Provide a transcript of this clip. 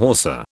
roça